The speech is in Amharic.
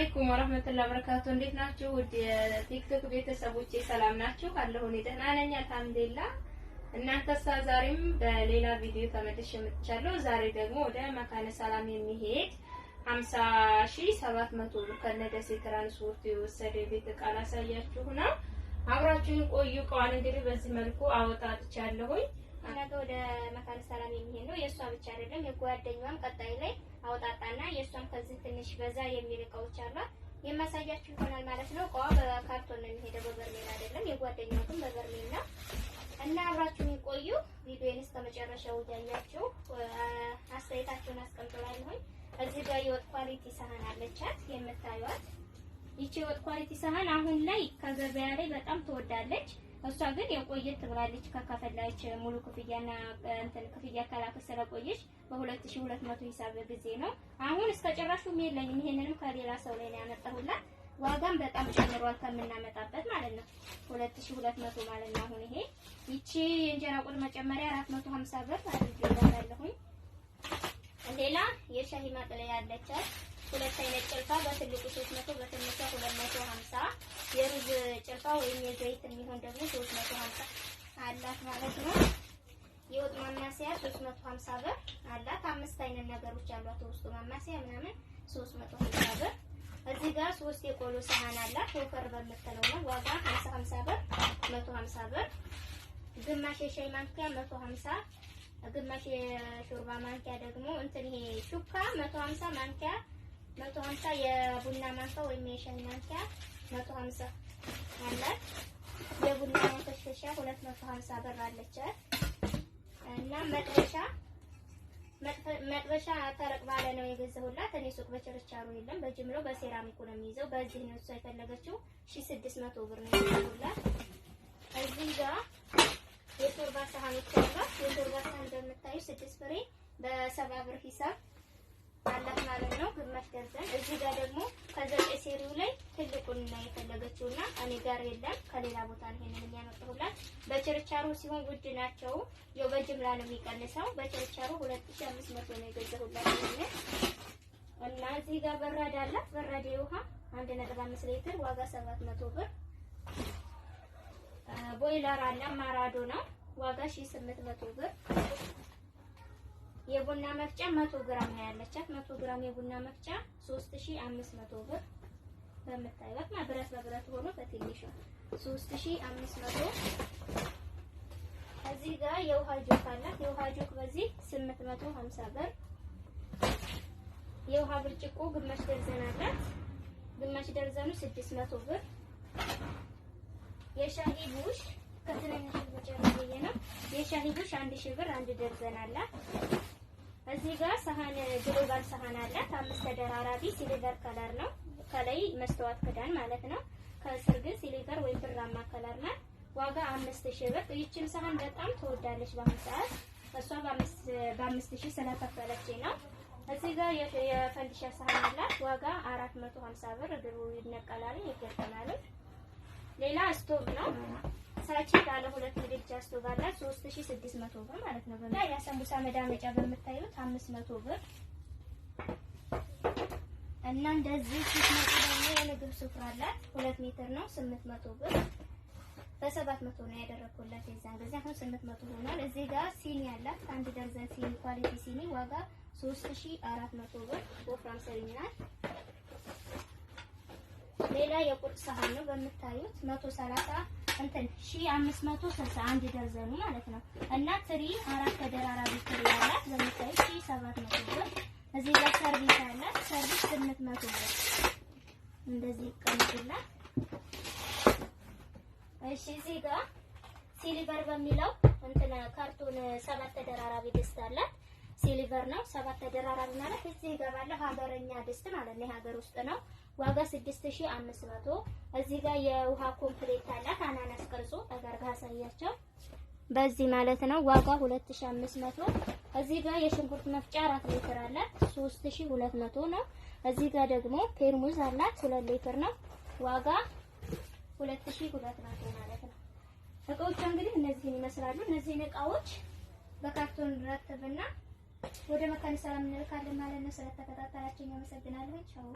አለይኩም ወራህመቱላሂ ወበረካቱ። እንዴት ናችሁ? ውድ የቲክቶክ ቤተሰቦቼ ሰላም ናችሁ? ካለሁ እኔ ደህና ነኝ አልሐምዱሊላህ። እናንተሳ? ዛሬም በሌላ ቪዲዮ ተመልሼ መጥቻለሁ። ዛሬ ደግሞ ወደ መካነ ሰላም የሚሄድ 50700 ብር ከነደሴ ትራንስፖርት የወሰደ ቤት ዕቃ ላሳያችሁ ነው። አብራችሁን ቆዩ። እቃዋን እንግዲህ በዚህ መልኩ አወጣጥቻለሁኝ። ነገ ወደ መካነ ሰላም የሚሄድ ነው። የእሷ ብቻ አይደለም የጓደኛዋም ቀጣይ ላይ አወጣጣ በዛ የሚል እቃዎች አሏት የማሳያችሁ ይሆናል ማለት ነው። እቃዋ በካርቶን ነው የሚሄደው፣ በበርሜል አይደለም። የጓደኛው ግን በበርሜል ነው እና አብራችሁን ቆዩ። ቪዲዮን እስከ መጨረሻው እያያችሁ አስተያየታችሁን አስቀምጡላችሁኝ። እዚህ ጋር የወጥ ኳሊቲ ሰሃን አለቻት የምታዩት። ይቺ የወጥ ኳሊቲ ሰሃን አሁን ላይ ከገበያ ላይ በጣም ትወዳለች። እሷ ግን የቆየት ትብላለች ከከፈላች ሙሉ ክፍያና እንትን ክፍያ ከላከች ስለቆየች በ2200 ሂሳብ ጊዜ ነው። አሁን እስከ ጭራሹም የለኝም። ይሄንንም ከሌላ ሰው ላይ ነው ያመጣሁላት። ዋጋም በጣም ጨምሯል ከምናመጣበት ማለት ነው። 2200 ማለት ነው። አሁን ይሄ ይቺ እንጀራ ቁል መጨመሪያ 450 ብር አድርጌ ብር አድርጌላለሁኝ። ሌላ የሻሂ ማጥለያ አለቻት። ሁለት አይነት ጭልፋ በትልቁ ሶስት ወይም የዘይት የሚሆን ደግሞ 350 አላት ማለት ነው። የወጥ ማማሰያ 350 ብር አላት። አምስት አይነት ነገሮች አሏት ውስጡ ማማሰያ ምናምን 350 ብር። እዚህ ጋር ሶስት የቆሎ ሰሃን አላት። ወፈር በምትለው ነው ዋጋ 50 ብር 150 ብር። ግማሽ የሻይ ማንኪያ 150፣ ግማሽ የሾርባ ማንኪያ ደግሞ እንትን ይሄ ሹካ 150 ማንኪያ 150 የቡና ማንኪያ ወይም የሻይ ማንኪያ 150 አላት። የቡና መፈሸሻ ሁለት መቶ ሀምሳ ብር አለች እና መጥበሻ መጥበሻ ተረቅ ባለ ነው የገዛሁላት። እኔ ሱቅ በችርቻሩ የለም፣ በጅምለው በሴራሚኩ ነው የሚይዘው። በዚህ ነው እሷ የፈለገችው። ሺህ ብር ነው የገዛሁላት። እዚህ ጋር የሾርባ ሳህኖች አሏት። የሾርባ ሳህን እንደምታዩ ስድስት ፍሬ በሰባ ብር ሂሳብ አላት ማለት ነው፣ ግማሽ ደርዘን። እዚህ ጋር ደግሞ ከዘጠኝ ሴሪው ላይ ትልቁን ነው የፈለገችው እና እኔ ጋር የለም ከሌላ ቦታ ነው ይሄንን የሚያመጣሁላት። በችርቻሮ ሲሆን ውድ ናቸው። ያው በጅምላ ነው የሚቀንሰው። በችርቻሮ 2500 ነው የገዛሁላት ይሄንን እና እዚህ ጋር በራድ አላት። በራድ የውሃ 1.5 ሊትር ዋጋ 700 ብር። ቦይለር አለ ማራዶ ነው ዋጋ መቶ ብር። የቡና መፍጫ 100 ግራም ነው ያለቻት። 100 ግራም የቡና መፍጫ 3500 ብር በምታይበት ና ብረት በብረት ሆኖ በትንሹ 3500። እዚህ ጋር የውሃ ጆክ አላት። የውሃ ጆክ በዚህ 850 ብር። የውሃ ብርጭቆ ግማሽ ደርዘን አላት። ግማሽ ደርዘኑ 600 ብር። የሻሂ ቡሽ ከትንንሽ ብቻ ነው የሻሂ ቡሽ 1000 ብር አንድ ደርዘን አላት። እዚህ ጋር ሰሃን ግሎባል ሰሃን አላት። አምስት ተደራራቢ ሲልቨር ከለር ነው። ከላይ መስተዋት ክዳን ማለት ነው። ከስር ግን ሲልቨር ወይም ብራማ ከለር ናት። ዋጋ አምስት ሺህ ብር። ይቺም ሰሃን በጣም ተወዳለች በአሁኑ ሰዓት። እሷ በአምስት ሺህ ስለከፈለች ነው። እዚህ ጋር የፈንዲሻ ሰሃን አላት። ዋጋ አራት መቶ ሀምሳ ብር። እግሩ ይነቀላል ይገጠማል። ሌላ ስቶቭ ነው። ሳቺ ባለ ሁለት ምድጃ ስቶቭ አላት 3600 ብር ማለት ነው። በእና የሰንቡሳ መዳመጫ በምታዩት 500 ብር እና እንደዚህ ስትመጡ ደግሞ የምግብ ስፍራ አላት 2 ሜትር ነው 800 ብር በሰባት መቶ ነው ያደረኩላት የዛን ጊዜ። አሁን 800 ሆኗል። እዚህ ጋር ሲኒ ያላት አንድ ደርዘን ሲኒ ኳሊቲ ሲኒ ዋጋ 3400 ብር ወፍራም ሰሪናል። ሌላ የቁርስ ሳህን ነው በምታዩት 130 እንትን 561 ደርዘኑ ማለት ነው። እና ትሪ አራት ተደራራቢ ትሪ ያላት በምታዩት 700 ብር። እዚህ ጋር ሰርቪስ አላት ሰርቪስ 800 ብር። እንደዚህ ይቀመጥላት። እሺ እዚህ ጋር ሲሊቨር በሚለው እንትን ካርቶን ሰባት ተደራራቢ ድስት አላት። ሲሊቨር ነው ሰባት ተደራራቢ ማለት እዚህ ጋር ባለው ሀገረኛ ድስት ማለት ነው። የሀገር ውስጥ ነው። ዋጋ 6500። እዚህ ጋር የውሃ ኮምፕሌት አላት አናናስ ቅርጹ ተጋርጋ ያሳያቸው በዚህ ማለት ነው። ዋጋ 2500። እዚህ ጋር የሽንኩርት መፍጫ 4 ሊትር አላት 3200 ነው። እዚህ ጋር ደግሞ ቴርሙዝ አላት 2 ሊትር ነው። ዋጋ 2200 ማለት ነው። እቃዎቿ እንግዲህ እነዚህን ይመስላሉ። እነዚህን እቃዎች በካርቶን ረትብና ወደ መካነ ሰላም እንልካለን ማለት ነው። ስለተከታተላችሁ አመሰግናለሁ። ቻው